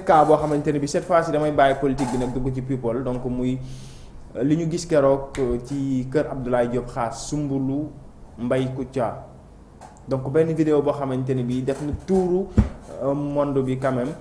cas boo xamante ne bi cette fois ci damay bàyyi politique bi nag dugg ci people donc muy euh, li ñu gis keroog euh, ci kër Abdoulaye Diop xaas Sumbulu Mbaye Koutia donc benn vidéo boo xamante ne bi def na tuuru euh, monde bi quand même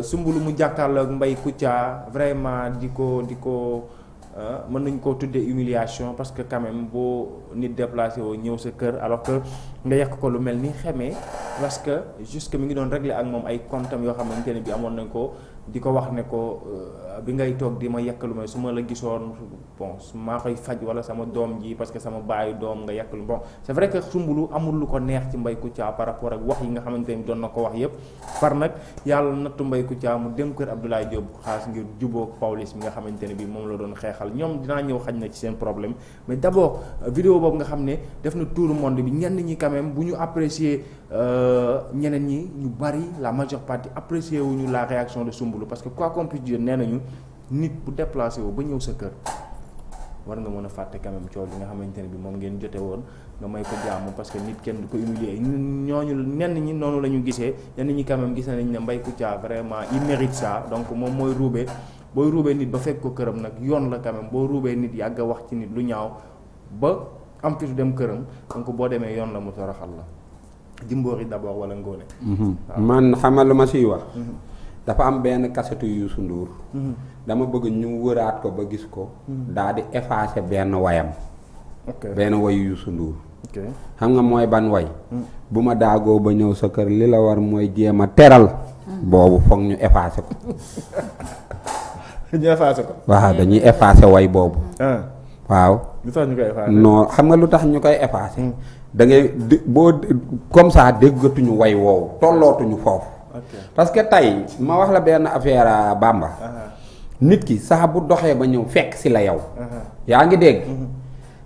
Sumbulu mu jàkkaarloog mbay Koutia vraiment di ko di ko Euh, mën nañ koo tuddee humiliation parce que quand même boo nit déplacé woo ñëw sa kër alors que nga yàq ko lu mel ni xamee parce que jusque mi ngi doon réglé ak moom ay comptes am yoo xamante ne bi amoon nañ ko di ko wax ne ko euh, bi ngay toog di ma yekkalu ma su ma la gisoon bon maa koy faj wala sama doom ji parce que sama baayu doom nga yekkalu bon c'est vrai que Soumboulou amul lu ko neex ci Mbaye Kouthia par rapport ak wax yi nga xamante ni doon na ko wax yépp par nag yàlla nattu Mbaye Kouthia mu dem kër Abdoulaye Diop xaas ngir jubóog Pawlish mi nga xamante ne bii moom la doon xeexal ñoom dinaa ñëw xaj na ci seen problème mais d'abord vidéo boobu nga xam ne def na tout le monde bi ñenn ñi quand même ñu apprécier Euh, ñeneen ñi ñu bari la majeure partie apprécié wuñu la réaction de Soumboulou parce que quoi qu'on nee nañu nit bu déplacé woo ba ñëw sa kër war nga mën a fàtte quand même coow li nga xamante ne bi moom ngeen jote woon nga may ko jaamu parce que nit kenn du ko humilier ñooñu ñenn ñi noonu la ñu gisee ñenn ñi quand même gis nañ ne Mbaye Kouthia vraiment il mérite ça donc moom mooy ruube booy ruubee nit ba fekk ko këram nag yoon la quand boo ruubee nit yàgg a wax ci nit lu ñaaw ba am dem këram donc boo demee yoon la mu toroxal la di Mbori d'abord wala Ngone. Mhm. man xamal lu ma siy wax. Mhm. dafa am benn kasetu Youssou Ndour. Mhm. dama bëgg ñu wëraat ko ba gis ko. daa di effacer benn wayam. benn woyu Youssou Ndour. xam nga mooy ban way. bu ma daagoo ba ñëw sa kër li la war mooy jéem a teral. boobu foog ñu effacer ko. ñu effacer ko. waaw dañuy effacer way boobu. Ah. waaw. xam nga lu tax ñu koy effacer. da ngay boo comme ça déggatuñu woy woowu tollootuñu foofu. parce que tey ma wax la benn affaire euh, Bamba. nit ki saa bu doxee ba ñëw fekk si la yow. yaa ngi dégg. Mhm.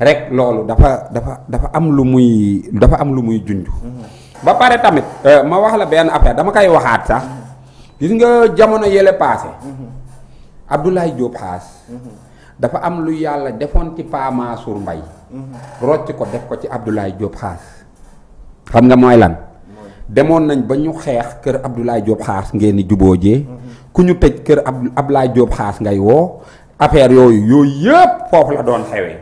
rek loolu dafa dafa dafa am lu muy dafa am lu muy junj. Mhm. ba pare tamit euh, ma wax la benn affaire dama koy waxaat sax mhm. gis nga jamono yële paase. Abdoulaye Diop Xaas. dafa am lu yàlla defoon ci Pa Mansour Mbaye rocc ko def ko ci Abdoulaye jóob xaas xam nga mooy lan demoon nañ ba ñu xeex kër Abdoulaye jóob xaas ngeen di juboojee ku ñu tëj kër Ab Abdoulaye Diop ngay woo affaire yooyu yooyu yëpp foofu la doon xewee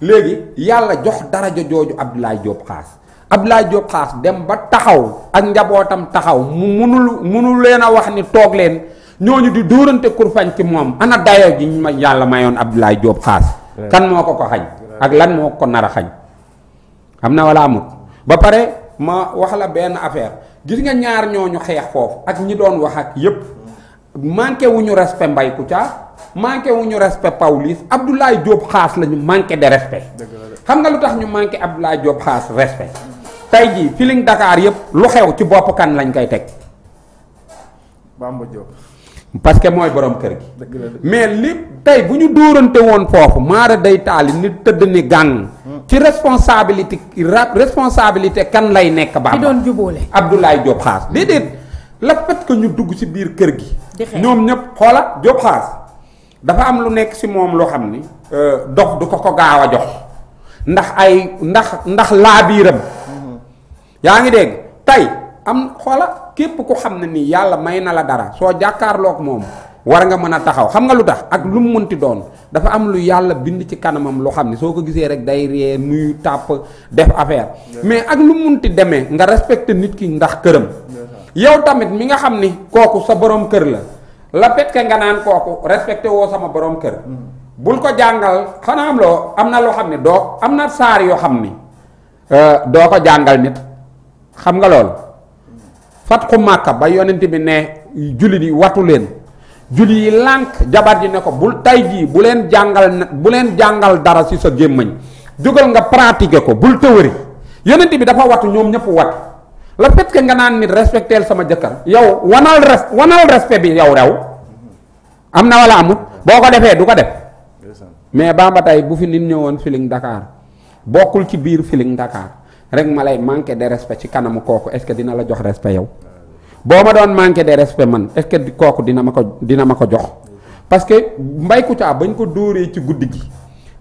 léegi yàlla jox daraja jooju Abdoulaye Diop xaas Abdoulaye Diop xaas dem ba taxaw ak njabootam taxaw mu munul munul leen a wax ni toog leen ñooñu di dóorante kurfañ ci moom ana dayo ji ñu ma yàlla mayoon Abdoulaye Diop xaas kan moo ko ko xañ ak lan moo ko nar a xañ am na wala amut ba pare ma wax la benn affaire gis nga ñaar ñu xeex foofu ak ñi doon wax ak yépp manqué wu ñu respect ca Kouthia manqué wu ñu respect Pawlish Abdoulaye xaas la ñu manqué de respect xam nga lu tax ñu manqué Abdoulaye jóob xaas respe tey jii Feeling Dakar yëpp lu xew ci bopp kan lañ koy teg Bamba Diop parce que mooy borom kër gi. mais li tey bu ñu dóorante woon foofu maara day taali nit tëdd ni gàng. Hmm. ci responsabilité responsabilité kan lay nekk ba. ki doon jubóole Abdoulaye Diop xaas déedéet la fait que ñu dugg ci biir kër gi. ñoom ñëpp xoola Diop xaas dafa am lu nekk ci moom loo xam ni. Euh, dox du ko ko gaaw a jox ndax ay ndax ndax laabiiram. Hmm. yaa ngi dégg tey am xoola. képp ku xam ne nii yàlla may na la dara soo jàkkaarloog moom war nga mën a taxaw xam nga lu tax ak lu mu munti doon dafa am lu yàlla bind ci kanamam loo xam ne soo ko gisee rek day ree nuyu tàpp def affaire mais ak lu munti demee nga respecté nit ki ndax këram yow tamit mi nga xam ni kooku sa borom kër la la fekk nga naan kooku respecté woo sama borom kër mm. bul ko jàngal xanaa am loo am na loo xam ne doo am na saar yoo xam ni euh, doo ko jàngal nit xam nga loolu fatxu màkka ba yonent bi ne jullit yi watu leen jullit yi lànk jabar ji ne ko bul tay bii bu leen jàngal bu leen jàngal dara si sa gémmañ jógal nga pratiquer ko bul tëwëri yonent bi dafa watu ñoom ñëpp wat la fait que nga naan nit respecteel sama jëkkër yow wanal res wanal respect bi yow rew am na wala amut boo ko defee du ko def mais Bamba tey bu fi nit ñëwoon Feeling ndakaar bokkul ci biir Feeling Dakar rek ma lay manquer de respect ci kanamu kooku est-ce que dina la jox respect yow boo ma doon manquer de respect man est-ce kooku dina ma ko dina ma ko jox parce que Mbaye Kouthia bañ ko dóoree ci guddi gi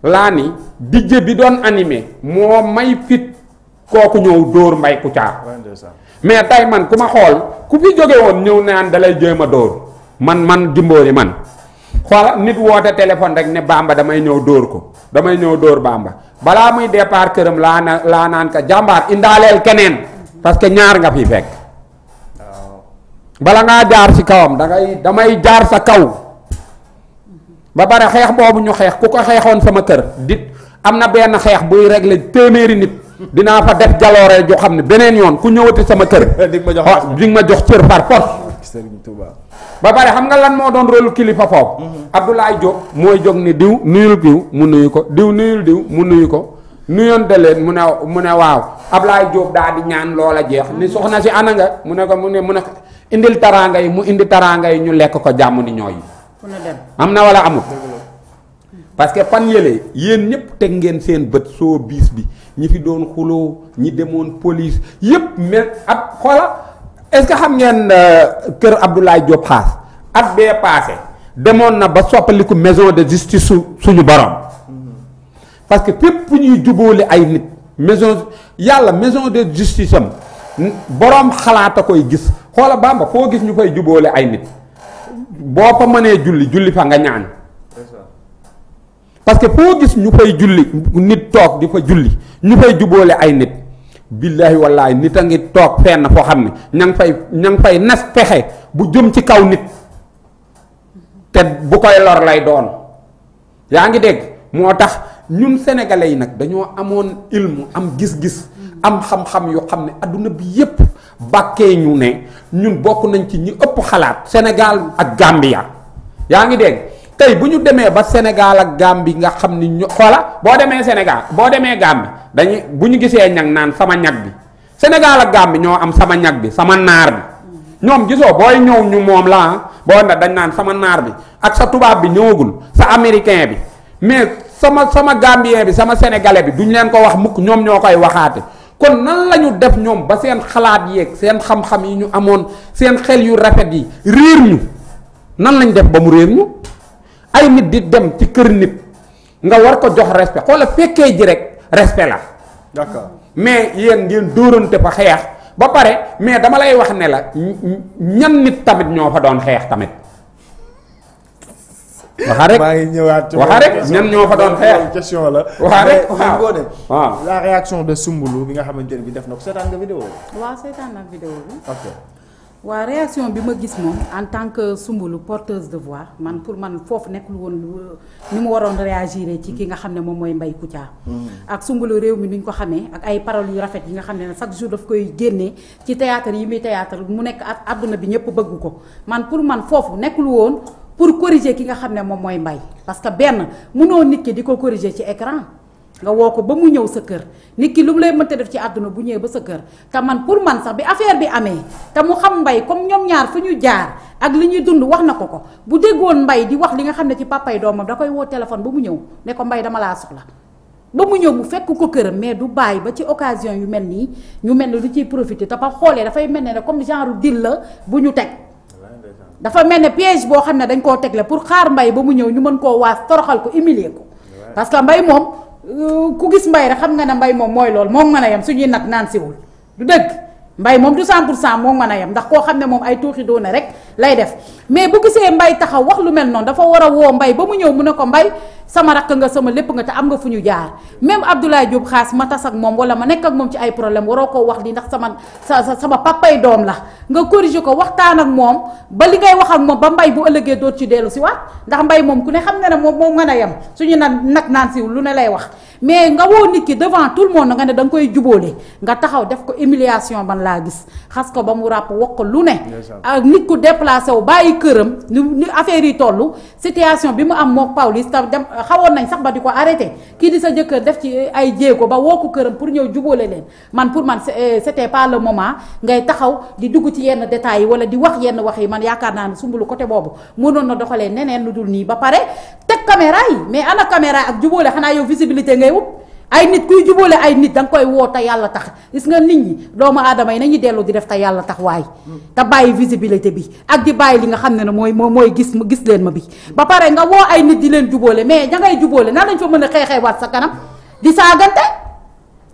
laa ni DJ bi doon animé moo may fit kooku ñëw dóor Mbaye Kouthia mais tey man ku ma xool ku fi jóge woon ñëw naan dalay jéem a dóor man man jumboori man xoola nit woote téléphone rek ne Bamba damay ñëw dóor ko damay ñëw dóor bàmba balaa muy départ këram laa na laa naan ka jàmbaar indaaleel keneen parce que ñaar nga fi fekk bala ngaa jaar ci kawam dangay damay jaar sa kaw ba pare xeex boobu ñu xeex ku ko xeexoon sama kër dit am na benn xeex buy régler téeméeri nit dinaa fa def jaloore joo xam ne beneen yoon ku ñëwati sama kër ah, di nga ma jox cër par force ba pare xam nga lan moo doon rôle kilifa foofu. Mhm. Abdoulaye Diop mooy jóg ni diw nuyul diw mu nuyu ko diw nuyul diw mu nuyu ko nuyoonte leen mu ne mu ne waaw Abdoulaye Diop daa di ñaan a jeex ni soxna si ana nga mu ne ko mu ne mu ne indil taraanga yi mu indi taraanga yi ñu lekk ko jàmm ni ñooy. am na wala amul. parce que fan yële yéen ñëpp teg ngeen seen bët soo biis bi ñi fi doon xuloo ñi demoon police yëpp mel ab xola est-ce que xam ngeen euh, kër Abdoulaye Diop xaas at bee paase demoon na ba soppaliku maison de justice su suñu borom parce que fépp fu ñuy jubóole ay nit maison yàlla maison de justice am borom xalaat a koy gis xoola Bamba foo gis ñu fay jubóole ay nit boo fa mënee julli julli fa nga ñaan. parce que foo gis ñu fay julli nit toog di fa julli ñu fay jubóole ay nit. billahi wallahi nit a ngi toog fenn foo xam ne ña fay ña fay nas pexe bu jëm ci kaw nit te bu koy lor lay doon yaa ngi dégg moo tax ñun senegale yi nag dañoo amoon ilmu am gis-gis am xam-xam yoo xam ne àdduna bi yépp bàkkee ñu ne ñun bokk nañ ci ñi ëpp xalaat senegaal ak Gambia yaa ngi dégg tey bu ñu demee ba Sénégal ak Gambie nga xam ni ñu xoola boo demee Sénégal boo demee Gambie dañu bu ñu gisee ñag naan sama ñag bi Sénégal ak Gambie ñoo am sama ñag bi sama naar bi ñoom gisoo booy ñëw ñu moom la ah, boo na dañ naan sama naar bi ak sa tubaab bi ñëwagul sa américain bi mais sama sama gambien bi sama sénégalais bi duñ leen ko wax mukk ñoom ñoo koy waxaate kon nan lañu def ñoom ba seen xalaat yeeg seen xam-xam yi ñu amoon seen xel yu rafet yi réer ñu nan lañ def ba mu réer ñu ay nit di dem ci kër nit nga war ko jox respect xoola fekkee ji rek respect la. d'accord mais yéen ngeen dóorante fa xeex ba pare mais dama lay wax ne la ñan nit tamit ñoo fa doon xeex tamit. waxa rek maa ngi ñëwaat ci rek ñan ñoo fa doon xeex question la. waxa rek waaw waaw de Soumboulou bi nga xamante ne bi def na ko seetaan nga vidéo. waaw waaw réaction bi ma gis moom en tant que Soumboulou porteuse de voix man pour man foofu nekk lu woon euh, ni mu waroon réagir ci ki nga xam ne moom mooy Mbaye Kouthia mm. ak Soumboulou réew mi ni ñu ko xamee ak ay paroles yu rafet yi nga xam ne chaque jour daf koy génne ci théâtre yi muy théâtre mu nekk ak àdduna bi ñëpp bëgg ko man pour man foofu nekk lu woon pour corriger ki nga xam ne moom mooy Mbaye parce que benn mënoo nit ki di ko corriger ci écran nga woo ko ba mu ñëw sa kër nit ki lu mu lay te def ci àdduna bu ñëwee ba sa kër te man pour man sax bi affaire bi amee te mu xam mbay comme ñoom ñaar fu ñu jaar ak li ñuy dund wax na ko ko bu déggoon mbay di wax li nga xam ne ci papay doomam da koy woo téléphone ba mu ñëw ne ko mbay dama laa la ba mu ñëw mu fekk ko këram mais du bàyyi ba ci occasion yu mel nii ñu mel ne lu ciy profité dafa xoolee dafay mel ne comme genre deal la bu ñu teg dafa mel ne piège boo xam ne dañ koo teg la xaar mbay ba mu ñëw ñu mën koo waas toroxal ko humilier ko parce que mbay moom Euh, ku gis mbay rek xam nga ne mbay moom mooy lool moom man a su suñuy nag naan siwul du dëgg mbay moom du 100 pour cent moom mën a yem ndax koo xam ne moom ay tuuxi doone rek lay def mais bu gisee mbay taxaw wax lu mel noonu dafa war a woo mbay ba mu ñëw mu ne ko mbay sama rakk nga sama lépp nga te am nga fu ñu jaar même Abdoulaye Diop xaas ma tas ak moom wala ma nekk ak moom ci ay problème waroo koo wax li ndax sama sa sama papay doom la nga corriger ko waxtaan ak moom ba li ngay wax ak moom ba mbay bu ëllëgee doot ci dellu si waat ndax mbay moom ku ne xam ne ne moom moo mën a yem suñu nag nag naan siw lu ne lay wax mais nga woo nit ki devant tout le monde nga ne da koy koy jubóole nga taxaw def ko humiliation ban laa gis xas ko ba mu ràpp wax ko lu ne sa wu bàyyi këram ni ni affaire yi toll situation bi mu am mook Pawlish tam dem xawoon nañ sax ba di ko arrêté kii di sa jëkkër def ci ay jéego ba woo ko këram pour ñëw jubale leen man pour man euh, c'était par le moment ngay taxaw di dugg ci yenn détails yi wala di wax yenn wax yi man yaakaar naa ne sumbulu côté boobu mënoon na doxalee neneen lu dul nii ba pare teg caméra yi mais ana caméra ak jubóole xanaa yow visibilité ngay wut ay nit kuy jubale ay nit da koy woo te yàlla tax gis nga nit ñi doomu aadama yi nañu dellu di def te yàlla tax waaye te bàyyi visibilité bi ak di bàyyi li nga xam ne ne mooy mooy gis gis leen ma bi ba pare nga woo ay nit di leen jubale mais da ngay jubale na lañ fa mën a xeexee waat sa kanam di saagante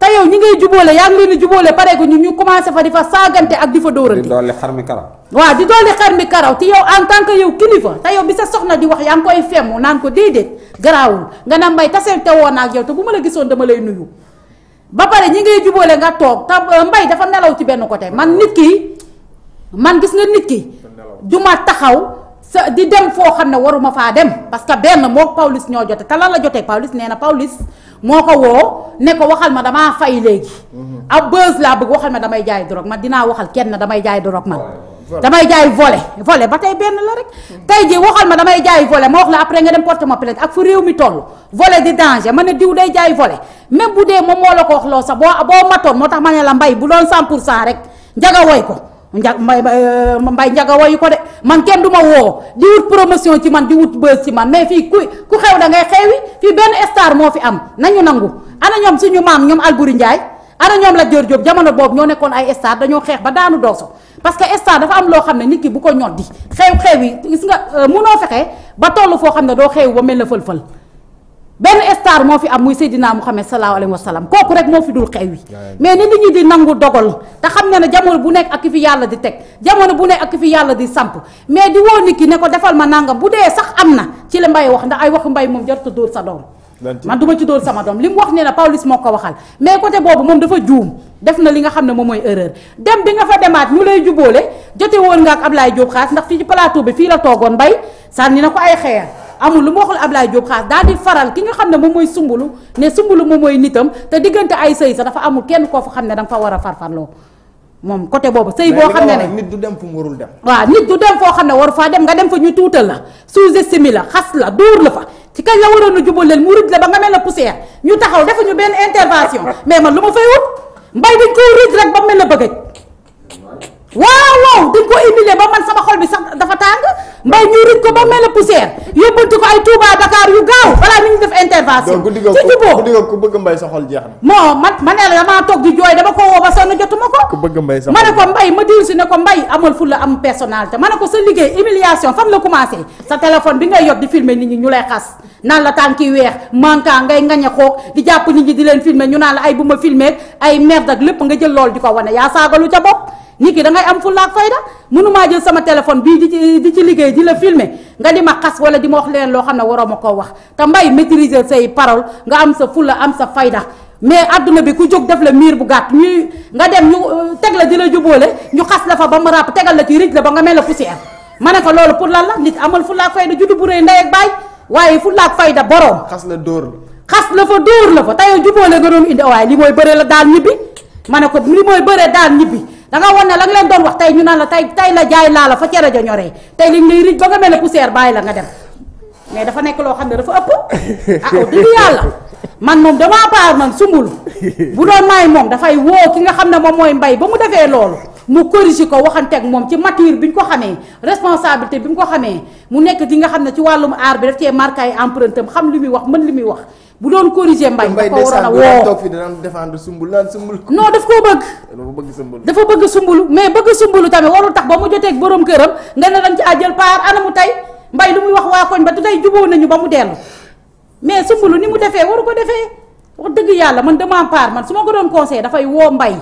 te yow ñi ngay jubóole yaa ngi leen di pare ko ñun ñu commencé fa di fa saagante ak di fa dóorante. di dolli xar mi karaw. waaw di dolli xar mi karaw te yow en tant que kilifa te yow bi sa soxna di wax yaa ngi koy femmu naan ko déedéet garaawul nga na mbay tase te woon ak yow te bu ma la gisoon dama lay nuyu. ba pare ñi ngay jubóole nga toog te euh, mbay dafa nelaw ci benn côté man nit ki man gis nga nit ki. du ma taxaw. sa di dem foo xam ne waruma faa dem parce que benn moo Pawlish ñoo jote te lan la jotee Pawlish nee na Pawlish moo ko woo ne waxal ma damaa fay léegi mhm. ab bës laa bëgg waxal ma damay jaay drogue man dinaa waxal kenn damay jaay drogue man damay jaay volé volé ba tey benn la rek mhm. tey ji waxal ma damay jaay volé ma wax la après nga dem porte ma ak fu réew mi toll volé di danger ma ne diw day jaay volé même bu dee moom moo la ko wax loo sax boo boo matoon moo tax ma ne la mbay bu doon 100 pour cent rek njaga ko njag mbay mbay njaga wayu ko de man kenn du ma woo di wut promotion ci man di wut bës ci man mais fii ku ku xew da ngay xewi fii benn star moo fi am nañu nangu ana ñoom suñu maam ñoom Alburi Njaay ana ñoom la Joor Joob jamono boobu ñoo nekkoon ay star dañoo xeex ba daanu dooso parce que star dafa am loo xam ne nit ki bu ko ñoddi xew xew yi gis nga euh, munoo fexe ba toll foo xam ne doo xew ba mel na fël-fël benn star moo fi am muy Seydina Muhammad salaahu alayhi wa salaam kooku rek moo fi dul xew wi di nangu dogal xam ne ne jamono bu nekk ak fi yàlla di teg jamono bu nekk ak fi yàlla di samp mais di woo nit ki ko defal ma nangam bu dee sax am na ci la mbay wax ndax ay waxu mbay moom jarut a dóor sa doom man du ma ci dóor sama doom li mu wax ne na Pawlish moo ko waxal mais côté boobu moom dafa juum def na li nga xam ne moom mooy erreur dem bi nga fa demaat ñu lay jubóole jote woon nga ak Ablaye Diop xaas ndax fii palaato bi fii la toogoon mbay sànni na ko ay xeer amul lu mu waxul Ablaye Diop xaas daal di faral ki nga xam ne moom mooy sumbulu ne sumbulu moom mooy nitam te diggante ay sëy sa dafa amul kenn koo fa xam ne danga fa war a farfarloo moom côté boobu sëy boo xam ne nit du dem fu mu warul dem waa nit du dem foo xam ne waru faa dem nga dem fa ñu tuutal la sous-estimé la xas la dóor la fa ci kañ la waroon a jubaleel mu ruj la ba nga mel ne poussière ñu taxaw ñu benn intervention mais man lu ma fay wut mbay dañ koy ruj rek ba waaw waaw dañ ko humilier ba man sama xol bi sax dafa tàng mbay ñu rëj ko ba mel ne poussière yóbbanti ko ay Touba Dakar yu gaaw balaa ñu def intervention ci juboo ku mbay sa xol jeex na man ma ne la damaa toog di jooy dama ko woo ba jotuma ko ku ma ne ko mbay ma diw ne ko mbay amal fu la am personnalité ma ko sa liggéey humiliation fan la commencé sa téléphone bi ngay yot di filmer nit ñi ñu lay xas naan la tànki weex manka ngay ngañ a xoog di jàpp nit ñi di leen filmer ñu naan la ay bu ma ay merde lépp nga jël loolu di ko wane yaa saagalu ca bopp nit ki da ngay am fulla ak fayda mënumaa jël sama téléphone bii di ci di ci liggéey di la filmer nga di ma xas wala di ma wax leneen loo xam ne waroo ma koo wax te mbay maîtriser say parole nga am sa fulla am sa fayda mais adduna bi ku jóg def la miir bu gàtt ñuy nga dem ñu euh, teg la di la jubóole ñu xas na fa ba mu ràpp tegal la ci rij la ba nga mel la poussière ma ne ko loolu pour lan la nit amal fulla ak fayda juddu bu rëy ndey ak baay waaye fulla ak fayda boroom xas la dóor xas la fa dóor la fa tayoo jubóole nga doon indi waaye li mooy bëre la daal ñibbi ma ne ko li mooy bëre daal ñibbi da nga wan ne la nga leen doon wax tey ñu ne la tey tey la jaay laa la fa cere ja ñoree tey li ngay rij ba nga mel ne bàyyi la nga dem mais dafa nekk loo xam ne dafa ëpp ah dëgg yàlla man moom damaa paar man sumbul bu doon maay moom dafay woo ki nga xam ne moom mooy mbay ba mu defee loolu mu corrigé ko waxanteeg moom ci matir bi ñu ko xamee responsabilité bi mu ko xamee mu nekk di nga xam ne ci wàllum aar bi daf cee marqué ay empreinte xam li muy wax mën li muy wax bu doon corriger mbay dafa waroon a woo toog fi dina défendre sumbul naan daf koo bëgg dafa bëgg sumbulu mais bëgg sumbulu tamit warul tax ba mu jotee ak borom këram nga ne dañ ci àjjal paar anamu tey mbay lu muy wax waa koñ ba du tey juboo nañu ba mu dellu mais sumbulu ni mu defee waru ko defee wax dëgg yàlla man dama paar man su ma ko doon conseil dafay woo mbay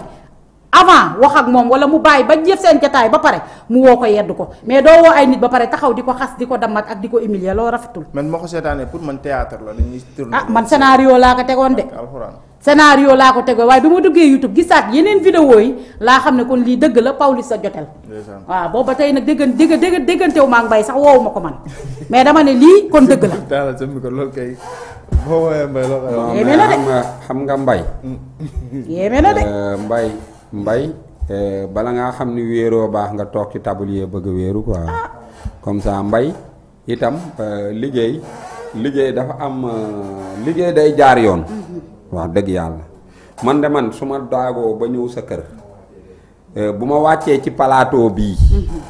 avant wax ak moom wala mu bàyyi ba jëf seen jataay ba pare mu woo ko yedd ko mais doo woo ay nit ba pare taxaw di ko xas di ko dammat ak di ko humilier loolu rafetul. man ma ko seetaanee pour man théâtre la dañuy tourner ah man scénario laa ko tegoon de. scénario laa ko tegoon waaye bi ma duggee YouTube gisaat yeneen vidéo yi laa xam ne kon lii dëgg la Pawlish sa jotel waaw boobu ba tey nag déggan dégg dégg déggantewu maa ngi bay sax woowu ma ko man mais dama ne lii kon dëgg la. daal sa micro loolu kay boo woowee mbay xam nga mbay. yéeme euh, mbay. mbay eh, bala ngaa xam ni wéeroo baax nga toog ci tablier bëgg wéeru quoi ah. comme ça mbay itam eh, liggéey liggéey dafa am eh, liggéey day jaar yoon mm-hmm. wax dëgg yàlla man de man su ma daagoo ba ñëw sa kër bu ma wàccee ci palaato bii mm-hmm.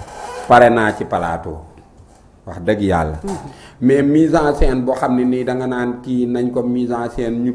pare naa ci plateau wax dëgg yàlla mm-hmm. mais mise en scène boo xam ne nii da naan kii nañ ko mise en scène ñu